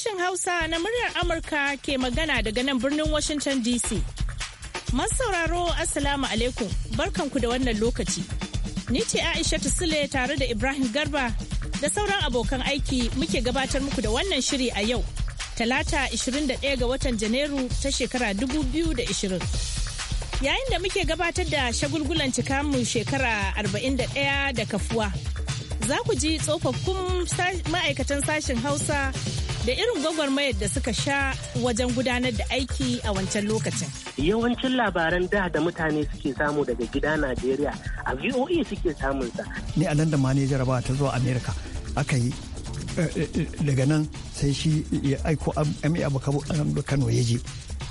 Sashen Hausa na muryar Amurka ke magana daga nan birnin Washington DC. sauraro Assalamu alaikum barkanku da wannan lokaci. Ni ce Aisha Sule tare da Ibrahim Garba da sauran abokan aiki muke gabatar muku da wannan shiri a yau. Talata 21 ga watan Janairu ta shekara 2020. Yayin da muke gabatar da shagulgulan cikamu shekara 41 da kafuwa. Za ku ji tsofaffin ma'aikatan sashen Hausa da irin gwagwarmayar da suka sha wajen gudanar da aiki a wancan lokacin. Yawancin labaran da da mutane suke samu daga gida Najeriya a VOE suke samunsa. Ni a nan da ma ne jaraba ta zuwa Amerika aka yi eh, eh, eh, daga nan sai shi ya aiko MA Abu Kano ya je.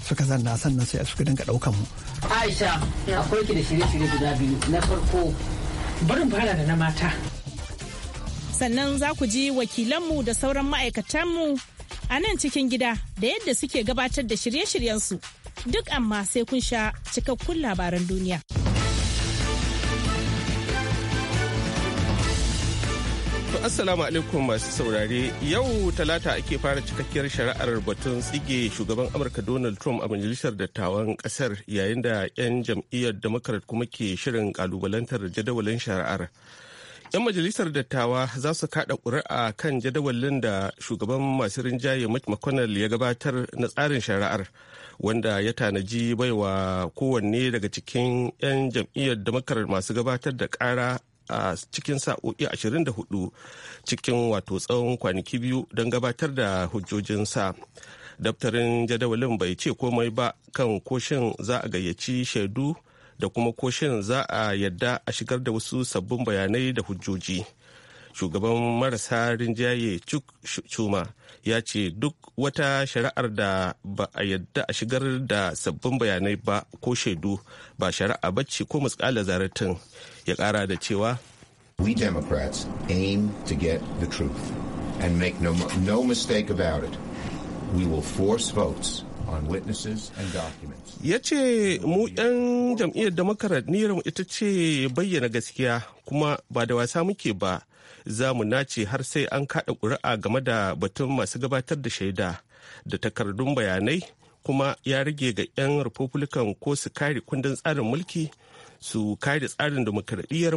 suka na sannan sai suka dinga ɗaukan mu. Aisha akwai ki da shirye-shirye guda biyu na farko barin fara da na mata. sannan za ku ji wakilanmu da sauran ma'aikatanmu a nan cikin gida da yadda suke gabatar da shirye-shiryensu duk amma sai kun sha cikakkun labaran duniya. Assalamu alaikum masu saurare yau talata ake fara cikakkiyar shari'ar batun tsige shugaban Amurka Donald Trump a majalisar dattawan kasar yayin da 'yan jam'iyyar Democrat kuma ke shirin kalubalantar jadawalin shari'ar. 'Yan majalisar dattawa za su kada ƙuri'a kan jadawalin da shugaban masu rinjaye McConnell ya gabatar na tsarin shari'ar wanda ya tanaji baiwa kowanne daga cikin 'yan jam'iyyar damakar masu gabatar da ƙara a cikin sa'o'i 24 cikin wato tsawon kwanaki biyu don gabatar da hujjojinsa. Daftarin jadawalin bai ce komai ba kan koshin za a gayyaci shaidu da kuma ko shirin za a yadda a shigar da wasu sabbin bayanai da hujjoji shugaban marasa rinjaye cuk chuma ya ce duk wata shari'ar da ba a yadda a shigar da sabbin bayanai ba ko shaidu ba shari'a bacci ko muskala zaratin ya kara da cewa we democrats aim to get the truth and make no, no mistake about it we will force votes Ya ce mu 'yan jam'iyyar Democrat mu ita ce bayyana gaskiya kuma ba da wasa muke ba za mu nace har sai an kaɗa ƙuri'a game da batun masu gabatar da shaida da takardun bayanai kuma ya rage ga 'yan Republican ko su kare kundin tsarin mulki su kare tsarin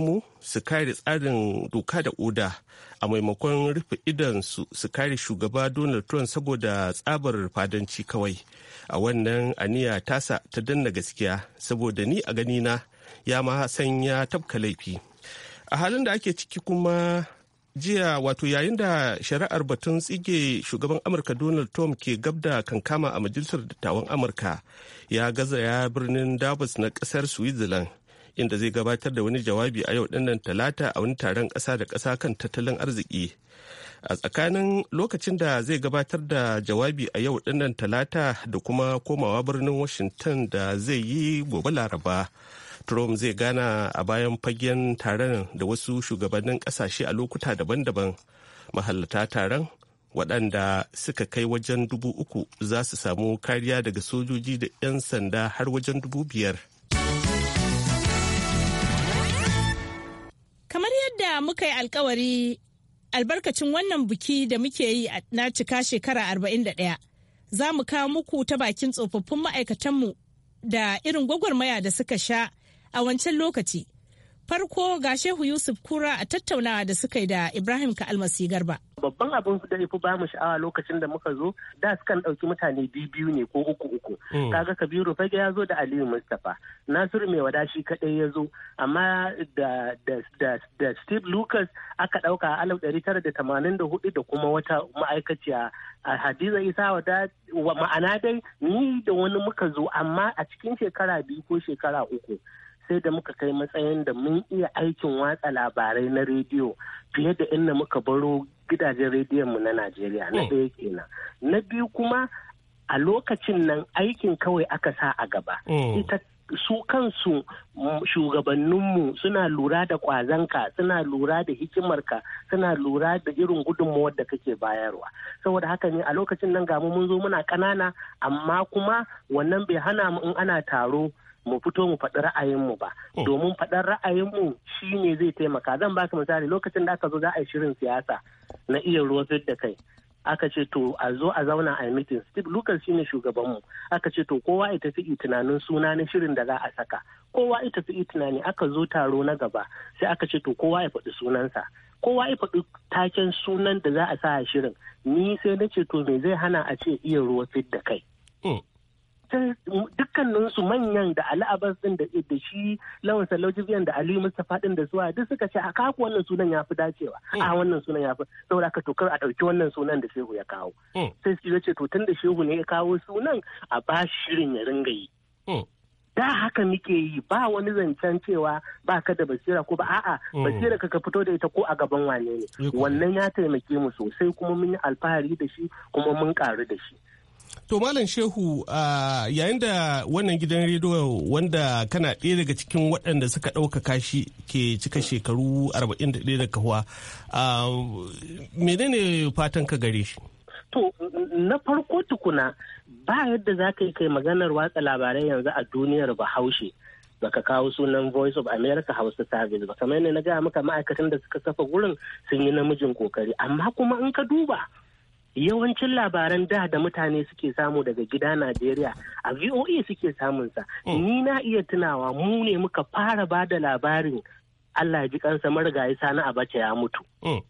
mu su kare tsarin doka da oda a maimakon rufe idansu su kare shugaba donald trump saboda tsabar fadanci kawai a wannan aniya tasa ta danna gaskiya saboda ni a ganina ya ma sanya tafka laifi a halin da ake ciki kuma jiya wato yayin da shari'ar batun tsige shugaban amurka donald trump ke gab da kankama a majalisar dattawan amurka ya gaza ya birnin davos na kasar switzerland inda zai gabatar da wani jawabi a yau dinnan talata a wani taron ƙasa da ƙasa kan tattalin arziki a tsakanin lokacin da zai gabatar da jawabi a yau dinnan talata da kuma komawa birnin washington da zai yi gobe laraba trump zai gana a bayan fagen taron da wasu shugabannin ƙasashe a lokuta daban-daban mahallata taron waɗanda suka kai wajen dubu uku za su samu kariya daga sojoji da 'yan sanda har wajen dubu biyar muka yi alkawari albarkacin wannan biki da muke yi na cika shekara arba'in 41 za mu kawo muku ta bakin tsofaffin ma'aikatanmu da irin gwagwarmaya da suka sha a wancan lokaci Farko ga Shehu Yusuf Kura a tattaunawa da suka yi da Ibrahim ka almasi garba. Babban abin da ya fi ba mu sha'awa lokacin da muka zo da sukan ɗauki mutane biyu biyu ne ko uku uku. Hmm. Kaga Kabiru Fage ya zo da Aliyu Mustapha. Nasiru mai wada shi kaɗai ya zo amma da Steve Lucas aka ɗauka a alaf ɗari tara da tamanin da hudu da kuma wata ma'aikaciya a Hadiza Isa wada ma'ana dai ni da wani muka zo amma a cikin shekara biyu ko shekara uku sai da muka kai matsayin da mun iya aikin watsa labarai na rediyo fiye da inda muka baro gidajen rediyon mu na Najeriya na mm. ɗaya kenan. Na biyu kuma a lokacin nan aikin kawai aka sa a gaba. Mm. Ita su kansu mm, shugabanninmu suna lura da kwazanka suna lura da hikimarka suna lura da irin gudunmawar da kake bayarwa saboda haka ne a lokacin nan gamu mun zo muna ƙanana amma kuma wannan bai hana mu in ana taro mu fito mu faɗi ra'ayinmu ba oh. domin faɗar ra'ayinmu shi ne zai taimaka zan baka misali lokacin da aka zo za a yi shirin siyasa na iya ruwa da kai aka ce to a zo a zauna a mitin steve lucas shine shugabanmu aka ce to kowa ya tafi yi tunanin suna na shirin da za a saka kowa ya tafi yi tunani aka zo taro na gaba sai aka ce to kowa ya faɗi sunansa kowa ya faɗi taken sunan da za a sa a shirin ni sai na ce to me zai hana a ce iya ruwa fit da kai oh. dukkanin su manyan da Ali Abbas din da da shi Lawan Salauji biyan da Ali Mustafa din da suwa duk suka ce a kaku wannan sunan yafi dacewa a hmm. wannan sunan yafi saboda ka to a dauki wannan sunan da Shehu ya kawo hmm. sai su ce to tun da Shehu ne ya kawo sunan a ba shirin ya ringa yi hmm. da haka muke yi ba wani zancen cewa ba ka da basira ko ba a'a basira ka fito da ita ko a gaban wane ne wannan ya taimake mu sosai kuma mun yi alfahari da shi kuma mun karu da shi To Malam Shehu yayin da wannan gidan rediyo wanda kana ɗaya daga cikin waɗanda suka ɗaukaka shi ke cika shekaru 41 da kahuwa, menene fatan ka gare shi? To na farko tukuna ba yadda za ka yi kai maganar watsa labarai yanzu a duniyar bahaushe. ka kawo sunan voice of america hausa service ba kamar yadda na gaya maka ma'aikatan da suka kafa gurin sun yi namijin kokari amma kuma in ka duba yawancin labaran da da mutane suke samu daga gida Najeriya a VOA suke samunsa. Hmm. Ni na iya tunawa mu ne muka fara ba da labarin Allah ji kansa marigayi sani abacha ya mutu. Hmm.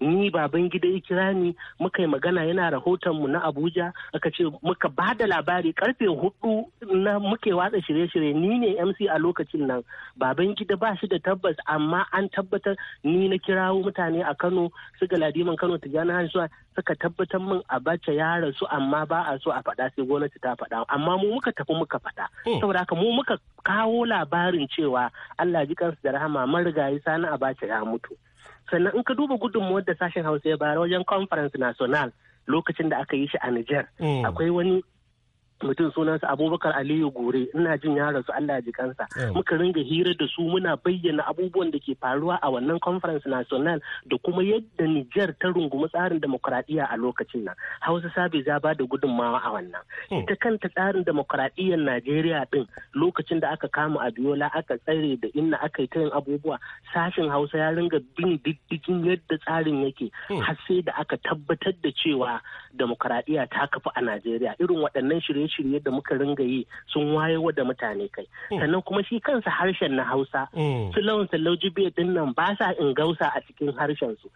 ni baban gida ya kira ni muka yi magana yana rahoton mu na abuja aka ce muka ba da labari karfe hudu na muke watsa shirye-shirye ni ne mc a lokacin nan baban gida ba shi da tabbas amma an tabbatar ni na kirawo mutane a kano su galadiman kano ta gana hansuwa suka tabbatar min a bace yaran su amma ba a so a faɗa sai gwamnati ta faɗa amma mu muka tafi muka faɗa hmm. saboda haka mu muka kawo labarin cewa allah ji kansu da rahama marigayi sani a bace ya mutu sannan in ka duba gudunmuwar da sashen hausa ya bayar wajen conference national lokacin da aka yi shi a niger mm. akwai wani mutum sunansa abubakar aliyu gore ina jin ya rasu allah ji kansa muka ringa hira da su muna bayyana abubuwan da ke faruwa a wannan conference national da kuma yadda niger ta rungumi tsarin demokradiyya a lokacin nan hausa sabi za ba da gudunmawa a wannan hmm. ita kanta tsarin demokradiyyar najeriya din lokacin da aka kama abiola aka tsare da inna aka yi ta yin abubuwa sashen hausa ya ringa bin diddigin yadda tsarin yake hmm. har sai da aka tabbatar da cewa demokradiyya ta kafa a najeriya irin waɗannan shirye shirye-shirye da muka ringa yi sun wayewa da mutane kai hmm. sannan kuma shi kansa harshen na hausa hmm. su lawan laujibe din nan ba sa in gausa a cikin harshen su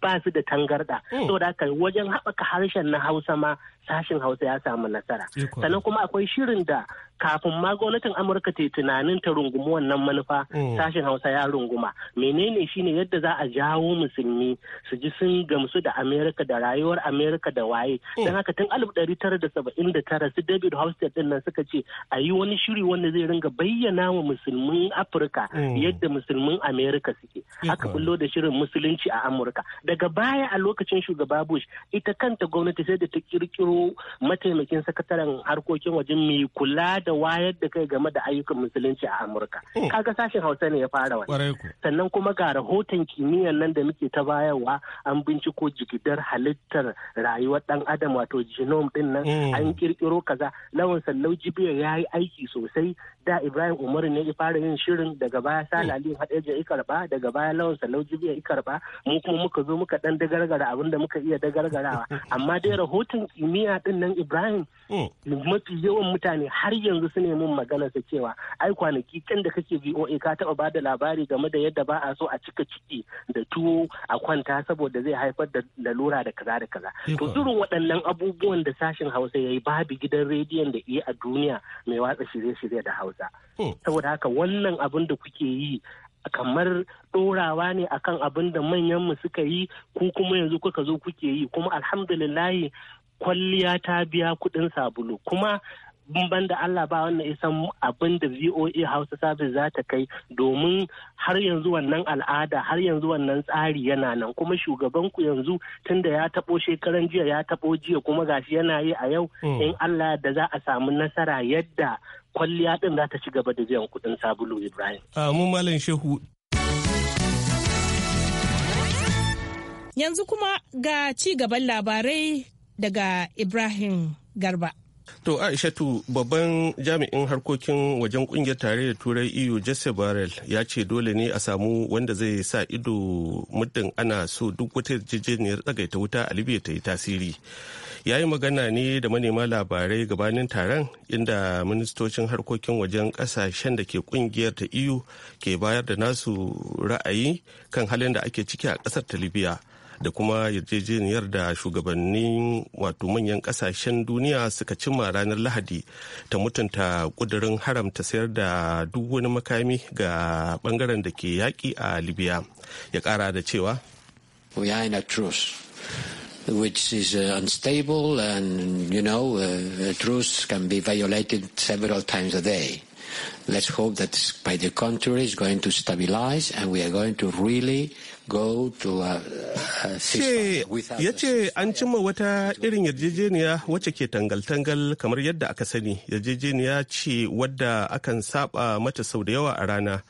ba su da tangarda hmm. saboda haka wajen haɓaka harshen na hausa ma sashen hausa ya samu nasara sannan kuma akwai shirin da kafin ma gwamnatin amurka ta tunanin ta rungumi wannan manufa mm. sashen hausa ya runguma menene shine yadda za a jawo musulmi su ji sun gamsu da amerika da rayuwar amerika da waye mm. don haka tun alif ɗari tara da saba'in da tara su david hosted din nan suka ce a yi wani shiri wanda zai ringa bayyana wa musulmin afirka mm. yadda musulmin amerika suke aka bullo da shirin musulunci a amurka daga baya a lokacin shugaba bush ita kanta gwamnati sai da ta kirkiro mataimakin sakataren harkokin waje mai kula da wayar da kai game da ayyukan musulunci a Amurka. Oh. Kaga sashen Hausa ne ya fara wani. Sannan kuma ga rahoton kimiyyar nan da muke ta bayarwa an binciko jigidar halittar rayuwar dan adam wato genome din nan mm. an kirkiro kaza lawan sallau jibiya ya yi aiki sosai da Ibrahim Umaru ne ya fara yin shirin daga baya Sala mm. Ali Hadeja ya karba daga baya lawan sallau jibiya ya karba mu kuma muka zo muka dan dagargara abinda muka iya dagargarawa amma dai rahoton kimiyyar jami'a din nan Ibrahim hmm. mafi yawan mutane har yanzu su ne mun magana su cewa ai kwanaki can da kake VOA ka taba ba da labari game da yadda ba a so a cika ciki da tuwo a kwanta saboda zai haifar da lalura da kaza da kaza to irin waɗannan abubuwan da sashen Hausa ya yi babu gidan rediyon da iya a duniya mai watsa shirye-shirye da Hausa hmm. saboda haka wannan abin da kuke yi kamar ɗorawa ne akan abin da manyan mu suka yi ko kuma yanzu kuka zo kuke yi kuma alhamdulillahi kwalliya ta biya kuɗin sabulu kuma ban da Allah ba wannan isan abin da VOA Hausa Service za ta kai domin har yanzu wannan al'ada har yanzu wannan tsari yana nan kuma shugaban ku yanzu tunda ya tabo shekaran jiya ya tabo jiya kuma gashi yana yi a yau hmm. in Allah da za a samu nasara yadda kwalliya din za ta ci gaba da biyan kuɗin sabulu Ibrahim. Ah, Mun Malam Shehu. Yanzu kuma ga ci gaban labarai daga Ibrahim Garba. To Aishatu babban jami'in harkokin wajen kungiyar tarayyar turai EU Jesse Barrel ya ce dole ne a samu wanda zai sa ido muddin ana so duk wata yarjejeniyar tsagaita wuta a Libya ta yi tasiri. Ya yi magana ne da manema labarai gabanin taron inda ministocin harkokin wajen kasashen da ke kungiyar ta EU ke bayar da nasu ra'ayi kan halin da ake ciki a kasar ta Libya. da kuma yarjejeniyar da shugabannin wato manyan kasashen duniya suka cimma ranar lahadi ta mutunta kudirin haramta sayar da duk wani makami ga bangaren da ke yaƙi a libya ya kara da cewa we are in a truce which is uh, unstable and you know uh, truce can be violated several times a day let's hope that by the contrary it's going to stabilize and we are going to really Uh, uh, ya ce an cimma wata irin yarjejeniya wacce ke tangal-tangal kamar yadda aka sani yarjejeniya ce wadda akan saba mata sau da yawa a rana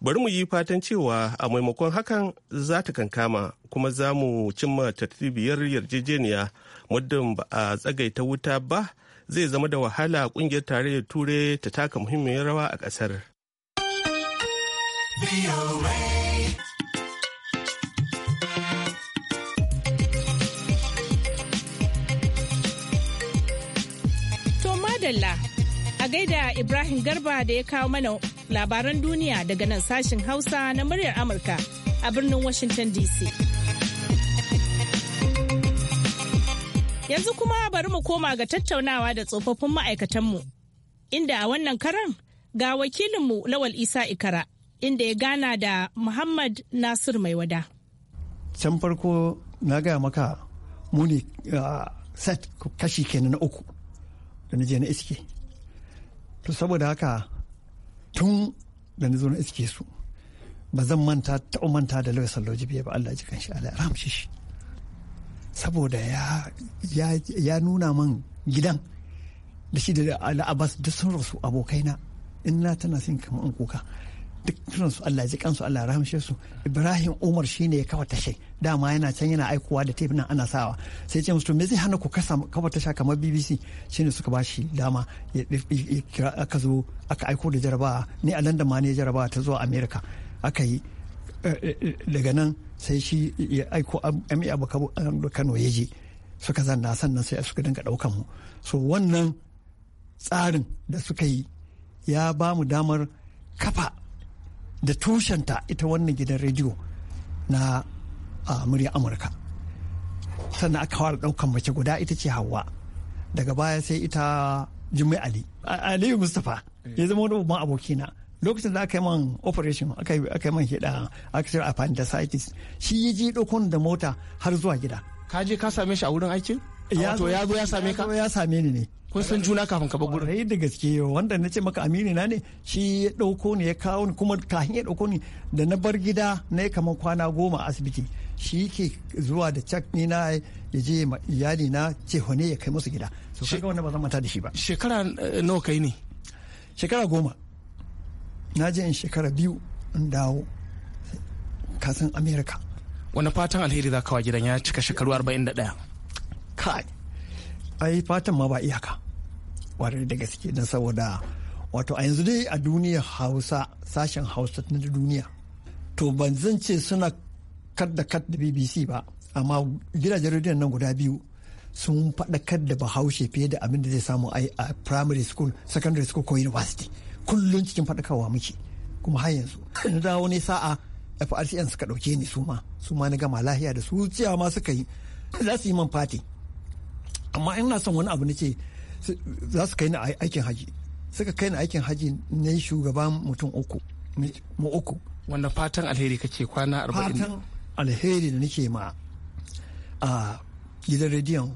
bari mu yi fatan cewa a maimakon hakan za ta kankama kuma za mu cimma tartibiyar yarjejeniya muddin ba a tsagaita wuta ba zai zama da wahala kungiyar tarayyar turai ta taka muhimmiyar rawa a kasar. madalla a gaida Ibrahim Garba da ya kawo mana labaran duniya daga nan sashin Hausa na muryar Amurka a birnin Washington DC. Yanzu kuma bari mu koma ga tattaunawa da tsofaffin ma'aikatanmu, inda a wannan karan ga wakilinmu Lawal Isa Ikara, inda ya gana da Muhammad Nasir wada. Can farko na gaya maka muni ah, set kashi kenan na uku. da na je na iske to saboda haka tun da na zo na iske su ba zan manta ta manta da lawyer salloji biya ba Allah ji shi Allah ya ramshe shi saboda ya nuna man gidan da shi da Abbas duk sun rasu abokaina in na tana sin kamar an kuka duk su Allah ji kansu Allah rahamshe su Ibrahim Umar shine ya kafa tashe dama yana can yana aikowa da tape nan ana sawa sai ce musu me zai hana ku kasa kafa tasha kamar BBC shine suka ba shi dama ya kira aka zo aka aiko da jarabawa ne a London ma ne jarabawa ta zuwa America aka yi eh, eh, eh, daga nan sai shi ya aiko MA Abu Kano ya je suka zanna sannan sai suka dinga daukan mu so wannan tsarin da suka yi ya ba mu damar kafa da tushenta ita wannan gidan rediyo na murya amurka sannan aka fara ɗaukan mace guda ita ce hawa daga baya sai ita jimai ali aliyu mustapha eh. ya zama wani babban abokina lokacin da aka yi man operation aka yi man hida aka sai appendicitis shi ya ji dokon da mota har zuwa gida ka je ka same shi a wurin aikin ya zo ya same ka ya same ni ne kun san juna kafin ka bugu rai da gaske wanda na ce maka amini na ne shi ya dauko ne ya kawo ni kuma kafin ya dauko ni da na bar gida na kamar kwana goma a asibiti shi ke zuwa da cak ni na ya je iyali na ce hone ya kai musu gida so kaga wannan ba zan manta da shi ba shekara eh, nawa kai ne shekara goma na je in shekara biyu in dawo kasan america wani fatan alheri za wa gidan ya cika shekaru 41 kai ai fatan ma ba iyaka kwarai da gaske don saboda wato a yanzu dai a duniya hausa sashen hausa na duniya to ban zan ce suna kar da kar da bbc ba amma gidajen rediyon nan guda biyu sun faɗakar da bahaushe fiye da abin da zai samu a primary school secondary school ko university kullum cikin faɗakarwa muke kuma har yanzu na dawo ne sa'a frcn suka ɗauke ni suma ma na gama lahiya da su ciya ma suka yi za su yi man fati amma ina son wani abu na ce za su kai ni aikin haji suka kai ni aikin haji yi shugaban mutum uku mu uku wanda fatan alheri kake kwana arba'in fatan alheri da nake ma a gidan rediyon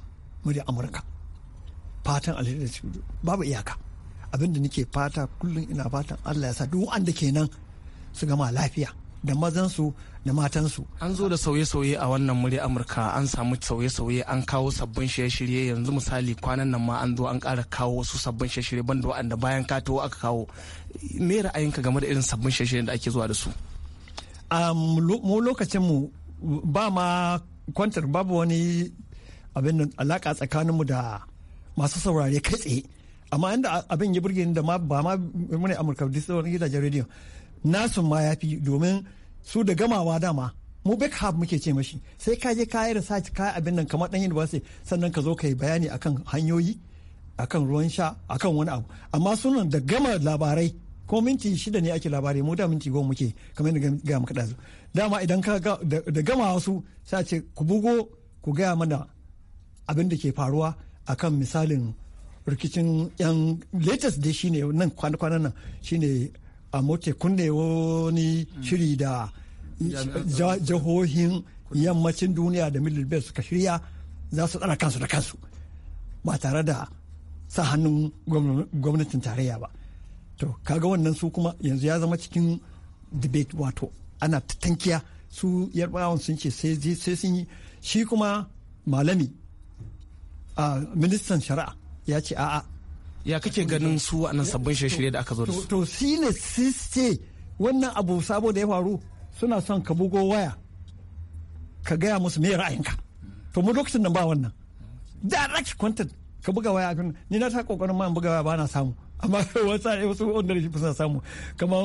murya amurka fatan alheri da babu iyaka abinda nake fata kullum ina fatan allah ya sa duk wanda kenan su gama lafiya da mazansu da matansu. An zo da sauye-sauye a wannan murya Amurka an samu sauye-sauye an kawo sabbin shirye-shirye yanzu misali kwanan nan ma an zo an ƙara kawo wasu sabbin shirye-shirye banda wa'anda bayan kato aka kawo. Me ra'ayinka game da irin sabbin shirye-shirye da ake zuwa da su? Mu lokacin mu ba ma kwantar babu wani abin alaka tsakaninmu da masu saurare kai tsaye. amma inda abin ya burge da ma ba ma mune amurka wani gidajen rediyo nasu ma ya fi domin su da gamawa dama mu backup muke ce mashi sai ka je kayi research yi abin nan kamar dan university sannan ka zo ka yi bayani akan hanyoyi akan ruwan sha akan wani abu amma sunan da gama labarai ko minti shida ne ake labarai mu da minti goma muke kamar yadda ga muka dazu dama idan ka da gama wasu sai ce ku bugo ku gaya mana abin da ke faruwa akan misalin rikicin yan latest dai shine nan kwana-kwanan nan shine a moke kunne wani shiri da jihohin yammacin duniya da middle belt suka shirya za su tsara kansu da kansu ba tare da sa hannun gwamnatin tarayya ba to kaga wannan su kuma yanzu ya zama cikin debate wato ana tankiya su yarbawan sun ce sai sun yi shi kuma malami a ministan shari'a ya ce a'a ya kake ganin su a nan sabbin shirye da aka zo da su to shi ne ce wannan abu sabo da ya faru suna son ka bugo waya ka gaya musu me ra'ayinka to mu lokacin nan ba wannan direct content ka buga waya kan ni na ta kokarin ma buga waya ba na samu amma wasa wasu wanda shi suna samu kamar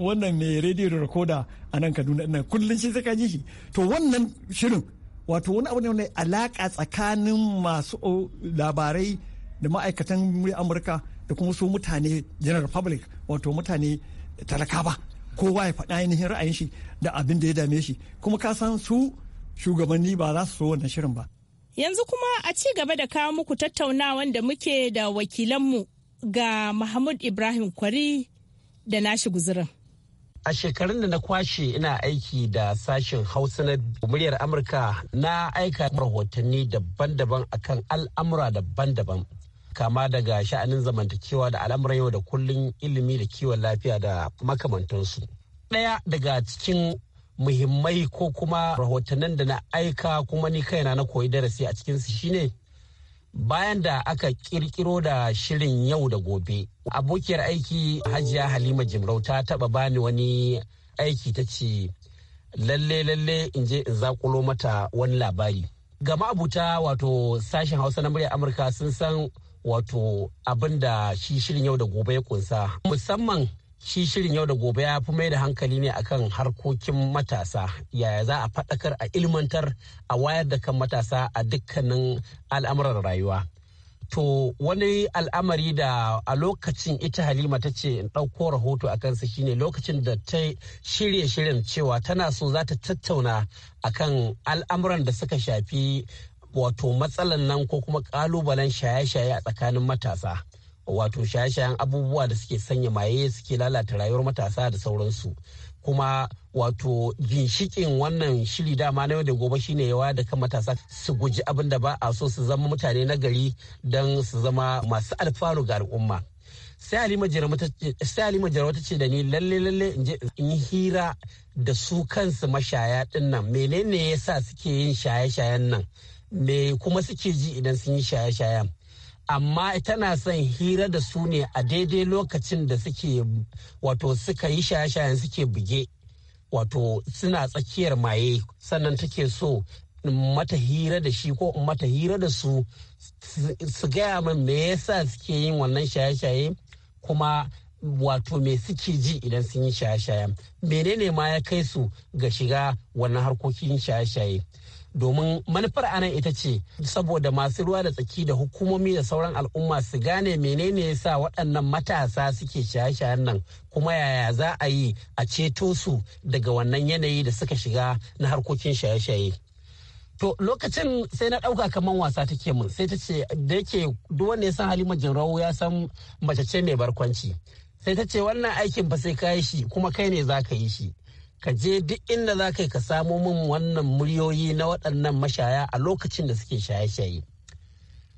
wannan mai radio da rekoda a nan Kaduna ina kullun shi sai ji shi to wannan shirin wato wani abu ne alaka tsakanin masu labarai da ma'aikatan amurka da kuma su mutane general public wato mutane talaka ba kowa ya faɗa ainihin ra'ayin shi da abin da ya dame shi kuma ka san su shugabanni ba za su so wannan shirin ba yanzu kuma a ci gaba da kawo muku tattaunawan da muke da wakilanmu ga mahmud ibrahim kwari da nashi guzurin a shekarun da na kwashe ina aiki da sashen hausa na muryar amurka na aika rahotanni daban-daban akan al'amura daban-daban kama daga sha'anin zamantakewa da al'amuran yau da kullum ilimi da kiwon lafiya da makamantansu. Ɗaya daga cikin muhimmai ko kuma rahotannin da na aika kuma ni kaina na koyi darasi a cikinsu shine bayan da aka kirkiro da shirin yau da gobe abokiyar aiki hajiya halima jimrau ta taba bani wani aiki ta ce lalle lalle in je in zakulo mata wani labari gama abuta wato sashen hausa na murya amurka sun san wato abin da shi shirin yau da gobe ya kunsa musamman shi shirin yau da gobe ya fi mai da hankali ne akan harkokin matasa yaya za a faɗakar a ilmantar a wayar da kan matasa a dukkanin al'amuran rayuwa to wani al'amari da a lokacin ita halima ta ce in ɗauko rahoto a kansa shine lokacin da ta shirya shirin cewa tana so za ta tattauna akan al'amuran da suka shafi wato matsalan nan ko kuma kalubalen shaye-shaye a tsakanin matasa wato shaye-shayen abubuwa da suke sanya maye suke lalata rayuwar matasa da sauransu kuma wato ginshikin wannan shiri dama na yau da gobe shine yawa da kan matasa su guji abin da ba a so su zama mutane na gari don su zama masu alfanu ga al'umma sai halima jarama ta ce da ni lalle lalle in je in hira da su kansu mashaya din nan menene sa suke yin shaye-shayen nan me kuma suke ji idan sun yi shaye-shayen amma tana son hira da su ne a daidai lokacin da suke wato suka yi shaye-shayen suke buge wato suna tsakiyar maye sannan take so in mata hira da shi ko mata hira da su su gaya min me yasa suke yin wannan shaye-shaye kuma wato me suke ji idan sun yi shaye-shayen menene ma ya kai su ga shiga wannan harkokin shaye-shaye domin manufar anan ita ce saboda masu ruwa da tsaki da hukumomi da sauran al'umma su gane menene ya sa waɗannan matasa suke shaye-shayen nan kuma yaya za a yi a ceto su daga wannan yanayi da suka shiga na harkokin shaye-shaye. To lokacin sai na ɗauka kamar wasa take mun sai ta ce da yake duk wanda ya san Halima Jinrawo ya san mace ce mai barkwanci. Sai ta ce wannan aikin ba sai ka yi shi kuma kai ne za ka yi shi. ka je duk inda za ka yi ka samo min wannan muryoyi na waɗannan mashaya a lokacin da suke shaye-shaye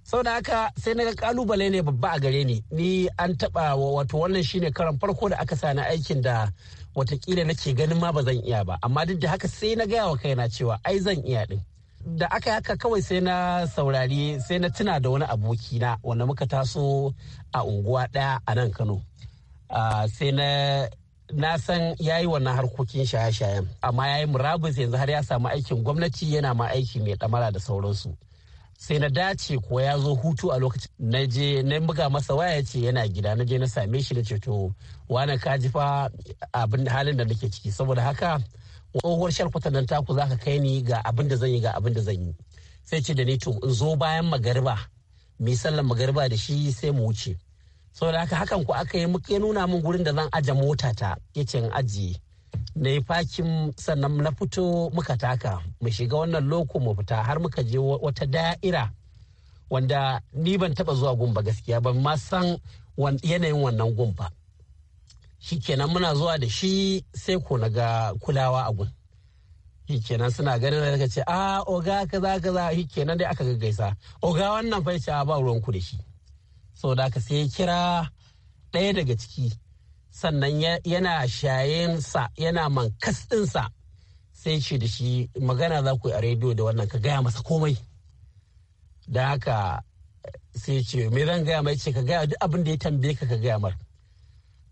sau da haka sai na ga kalubale ne babba a gare ni ni an taɓa wa wato wannan shine karan farko da aka sani aikin da watakila nake ganin ma ba zan iya ba amma duk da haka sai na gaya wa kaina cewa ai zan iya din da aka yi haka kawai sai na saurari sai na tuna da wani abokina wanda muka taso a unguwa ɗaya a nan kano ah, sai na na san ya yi wannan harkokin shaye-shayen amma ya yi murabus yanzu har ya samu aikin gwamnati yana ma aiki mai ɗamara da sauransu sai na dace ko ya zo hutu a lokacin na je na buga masa waya ya ce yana gida na je na same shi na ceto. wani ka fa abin halin da nake ciki saboda haka tsohuwar sharkwata nan taku zaka kai ni ga abin da zan yi ga abin da zan yi sai ce da ni to in zo bayan magariba mai sallan magariba da shi sai mu wuce saboda haka hakan ku aka yi ya nuna min gurin da zan aje mota ta yace in aji na yi fakin sannan na fito muka taka mu shiga wannan loko mu fita har muka je wata da'ira wanda ni ban taba zuwa gumba gaskiya ban ma san yanayin wannan gumba shi kenan muna zuwa da shi sai ko na ga kulawa a gun shi kenan suna ganin da ce a ah, oga kaza kaza shi dai aka gaggaisa oga wannan fa ya ah, ba ruwan ku da shi sau da ka sai kira ɗaya daga ciki sannan yana shayensa yana mankas ɗinsa sai ce da shi magana za ku yi a rediyo da wannan ka gaya masa komai da haka sai ce me zan gaya mai ce ka gaya duk abin da ya tambaye ka ka gaya mar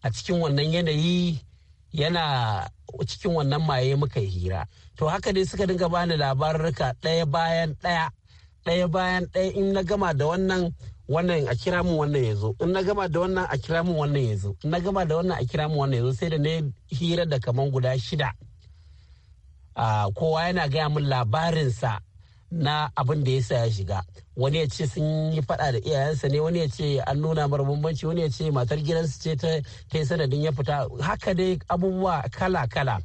a cikin wannan yanayi yana cikin wannan maye muka yi hira to haka dai suka dinga bani labarurka ɗaya bayan ɗaya ɗaya bayan ɗaya in na gama da wannan wannan a kira mu wannan ya zo in na gama da wannan a kira mu wannan ya zo in na gama da wannan a kira mu wannan ya zo sai da na hira da kaman guda shida kowa yana gaya min labarinsa na abin da ya sa ya shiga wani ya ce sun yi fada da iyayensa ne wani ya ce an nuna mara bambanci wani ya ce matar gidansu ce ta yi sanadin ya fita haka dai abubuwa kala-kala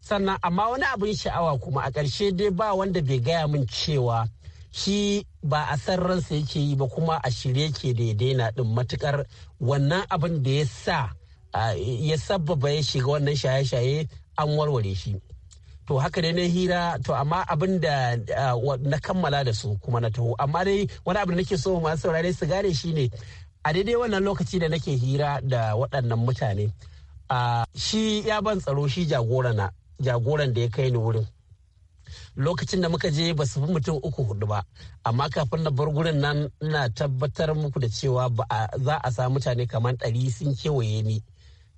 sannan amma wani abin sha'awa kuma a ƙarshe dai ba wanda bai gaya min cewa shi ba a san ransa yake yi ba kuma a shirye ke daidaina na din matukar wannan abin da ya sa ya sabbaba ya shiga wannan shaye-shaye an warware shi to haka dai na hira to amma abin da na kammala da su kuma na taho amma dai wani abu da nake so masu saurare su gane ne. a daidai wannan lokaci da nake hira da waɗannan mutane shi ya ban tsaro shi jagorana jagoran da ya kai ni wurin lokacin da muka je ba su fi mutum uku hudu ba amma kafin na bar gurin nan ina tabbatar muku da cewa ba za a sa mutane kamar ɗari sun kewaye ni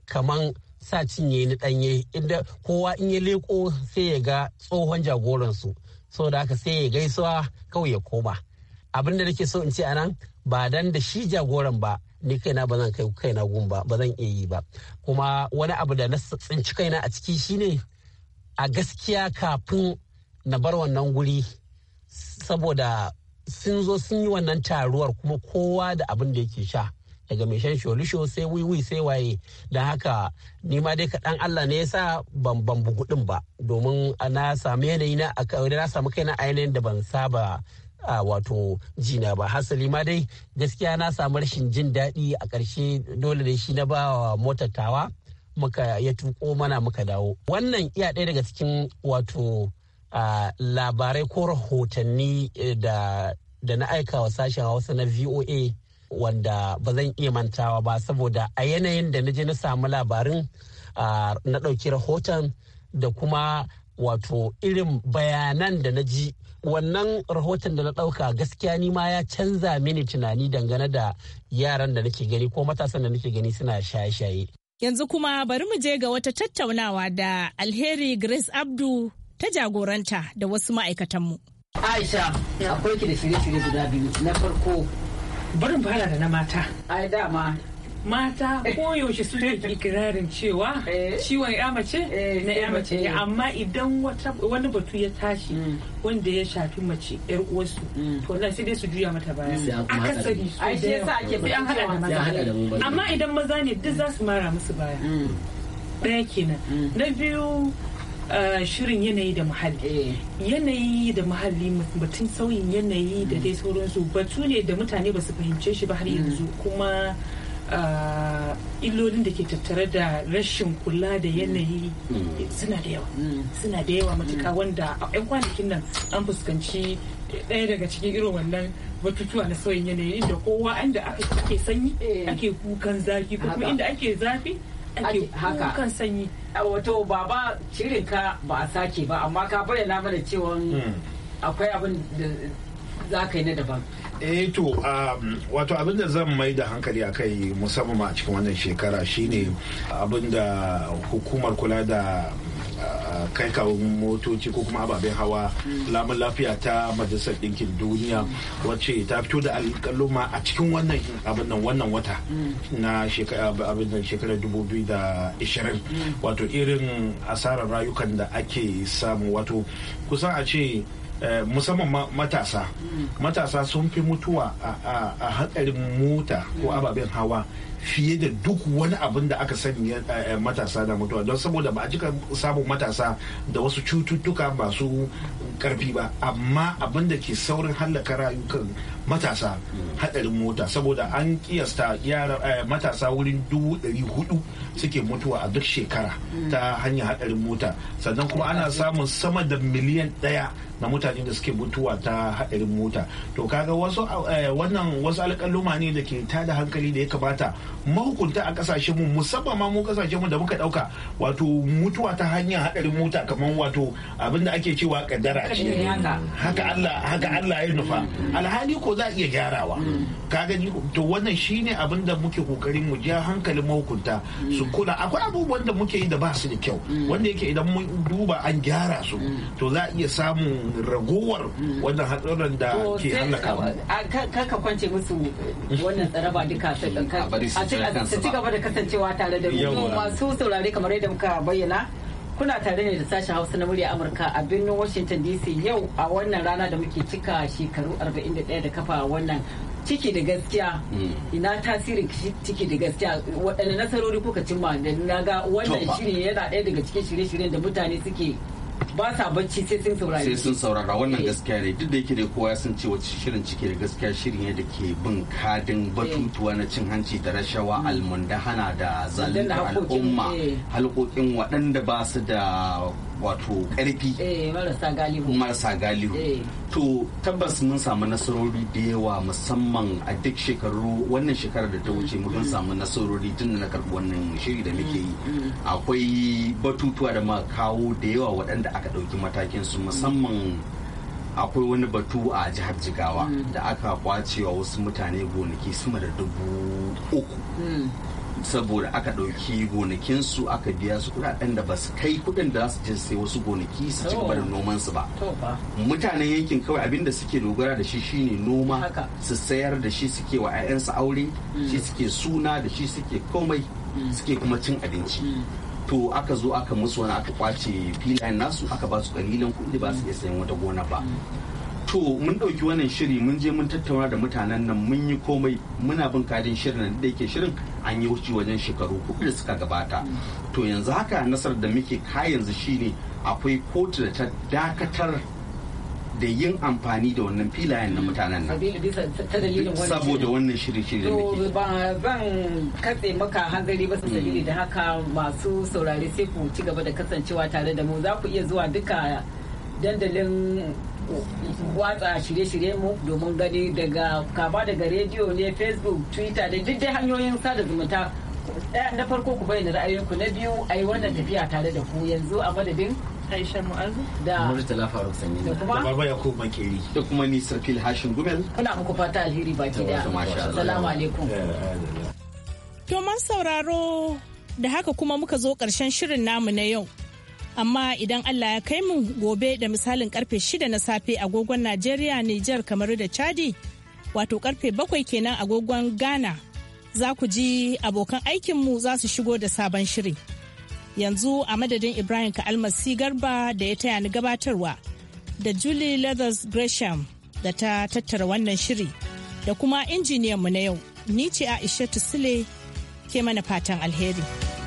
kamar sa cinye ni ɗanye inda kowa in ya leko sai ya ga tsohon jagoransu sau da haka sai ya gaisuwa kawai ya koma abin da nake so in ce a nan ba dan da shi jagoran ba ni kaina ba zan kai kaina gun ba ba zan iya yi ba kuma wani abu da na tsinci kaina a ciki shine a gaskiya kafin na bar wannan guri saboda sun zo sun yi wannan taruwar kuma kowa da abin da yake sha daga mai shan sholisho sai wiwi sai waye da haka ni ma dai kaɗan Allah ne yasa ban ban bugudin ba domin na samu yanayi na na samu kaina a yanayin da ban saba a wato jina ba hasali ma dai gaskiya na samu rashin jin daɗi a ƙarshe dole ne shi na ba wa motar tawa muka ya tuko mana muka dawo wannan iya ɗaya daga cikin wato labarai ko rahotanni eh, da na aika wa sashen hausa na voa wanda ba zan iya mantawa ba saboda a yanayin da na je na samu labarin na ɗauki rahoton da kuma wato irin bayanan da na ji wannan rahoton da na ɗauka gaskiya ni ma ya canza mini tunani dangane da yaran da nake gani ko matasan da nake gani suna shaye-shaye. Yanzu kuma bari mu je ga wata tattaunawa da Alheri Grace Abdu ta jagoranta da wasu ma'aikatanmu. Aisha, akwai ki da shirye-shirye guda biyu. Na farko, barin fara da na mata. Ai dama mata eh. koyaushe su ne eh. ikirarin cewa eh. ciwon ya mace na ya mace amma idan wani batu ya tashi hmm. wanda ya shafi mace yar uwarsu hmm. to na sai dai su juya mata baya hmm. akasari su ai shi yasa ake sai an hada da maza amma idan maza ne duk za su mara musu baya daya kenan na biyu Eh, shirin yanayi da muhalli eh, yanayi da muhalli batun sauyin yanayi da dai sauransu batu ne da mutane ba su fahimce shi ba har mm. yanzu kuma eh, illolin da ke tattare da rashin kula da yanayi mm. suna da yawa mm. suna da yawa matuka wanda a 'yan kwanakin nan an fuskanci ɗaya daga cikin irin wannan batutuwa na sauyin yanayi inda kowa inda ake sanyi ake kukan zafi ko kuma inda ake zafi ake haka kan sanyi wato baba shirin ka ba a sake ba amma ka bayyana mana cewa hmm. akwai abin da za ka yi na daban eh to um, wato abin da zan mai da hankali a kai musamman a cikin wannan shekara shine abin da hukumar kula da kai kawo motoci ko kuma ababen hawa mm. lamun lafiya ta majalisar ɗinkin duniya wacce ta fito da alƙaluma a cikin wannan abin nan wannan wata mm. na abin shekarar 2020 mm. wato irin asarar rayukan da ake samu wato kusan a ce eh, musamman matasa matasa sun fi mutuwa a hankalin mota ko ababen hawa fiye da duk wani abin da aka sani eh, eh, matasa na mutuwa don saboda ba a jika samun matasa da wasu cututtuka masu karfi ba amma abin da ke saurin hallaka rayukan matasa hadarin mota saboda an kiyasta yara eh, matasa wurin dubu ɗari hudu suke mutuwa a duk shekara ta hanyar hadarin mota sannan kuma ana samun sama da miliyan ɗaya na mutane da suke mutuwa ta hadarin mota to kaga wasu wannan wasu alƙaluma ne da ke tada hankali da ya kamata mahukunta a kasashen mu musamman ma mu kasashen mu da muka dauka wato mutuwa ta hanyar hadarin mota kamar wato abinda ake cewa kaddara ce haka Allah haka Allah ya nufa alhali ko za a iya gyarawa ka gani to wannan shine abin da muke kokarin mu ja hankalin mahukunta su kula akwai abubuwan da muke yi da ba su da kyau wanda yake idan mun duba an gyara su to za a iya samun ragowar wannan hatsarin da ke ka ka kwance musu wannan tsaraba duka a su ci gaba da kasancewa tare da mu masu saurare kamar yadda muka bayyana kuna tare ne da sashen hausa na murya amurka a birnin washington dc yau a wannan rana da muke cika shekaru 41 da kafa wannan ciki da gaskiya mm. ina tasirin ciki da gaskiya waɗanne nasarori kuka cimma da na ga wannan shirin yana ɗaya daga cikin shirye-shiryen da mutane suke ba sa bacci sai sun saurara sai sun saurara wannan eh. gaskiya ne duk da yake da kowa sun ce wacce shirin cike da gaskiya shirin ne da ke bin kadin eh. batutuwa na cin hanci da rashawa hmm. almundahana da zalunta al'umma eh. halkokin waɗanda ba su da wato karfi eh, marasa galihu eh. to tabbas mun samu nasarori da yawa musamman a duk shekaru wannan shekarar da ta mm, wuce mun mm. samu nasarori tun da na karɓi wannan shiri da muke yi mm, akwai batutuwa da ma kawo da yawa waɗanda aka ɗauki matakin su musamman akwai wani batu a jihar jigawa da aka kwacewa wasu mutane gonaki sama da dubu uku saboda aka ɗauki gonakinsu aka biya su kuɗaɗen da ba su kai kuɗin da su je sai wasu gonaki su ci gaba da noman su ba mutanen yankin kawai abin da suke dogara da shi shine noma su sayar da shi suke wa 'ya'yansu aure mm. shi suke suna da shi suke komai mm. suke kuma cin abinci mm. to aka zo aka musu wani aka kwace filayen nasu aka ba su kalilan kuɗi ba su iya sayan wata gona ba to mun ɗauki wannan shiri mun je mun tattauna da mutanen nan mun yi komai muna bin kadin shirin nan da yake shirin an yi wuce wajen shekaru hudu da suka gabata to yanzu haka nasarar da muke ka yanzu shine akwai kotu da ta dakatar da yin amfani da wannan filayen na mutanen nan saboda wannan shirin shirin da muke ba zan katse maka hanzari ba sabili mm. da haka masu saurari sai ku ci gaba da kasancewa tare da mu za ku iya zuwa duka dandalin watsa shirye-shirye mu domin gani daga kama daga rediyo ne facebook twitter da duk dai hanyoyin sada zumunta na farko ku bayyana ra'ayoyinku na biyu a yi wannan tafiya tare da ku yanzu a madadin Aisha Mu'azu da Murtala Faruk Sanyi da kuma Baba Yakubu Makeri da kuma ni Sarfil Hashim Gumel kuna muku fata alheri baki da assalamu alaikum eh, eh, eh, to man sauraro da haka kuma muka zo karshen shirin namu na yau amma idan Allah ya kai mu gobe da misalin karfe shida na safe agogon Najeriya, Nijar, kamar da Chadi, wato karfe bakwai kenan agogon Ghana. Za ku ji abokan aikinmu za su shigo da sabon shiri. Yanzu a madadin Ibrahim Ka'almasi Garba da ya taya ni gabatarwa, da Julie Leathers Gresham da ta tattara wannan shiri, da kuma injiniyanmu na yau, ni ce Aisha Sule ke mana fatan alheri.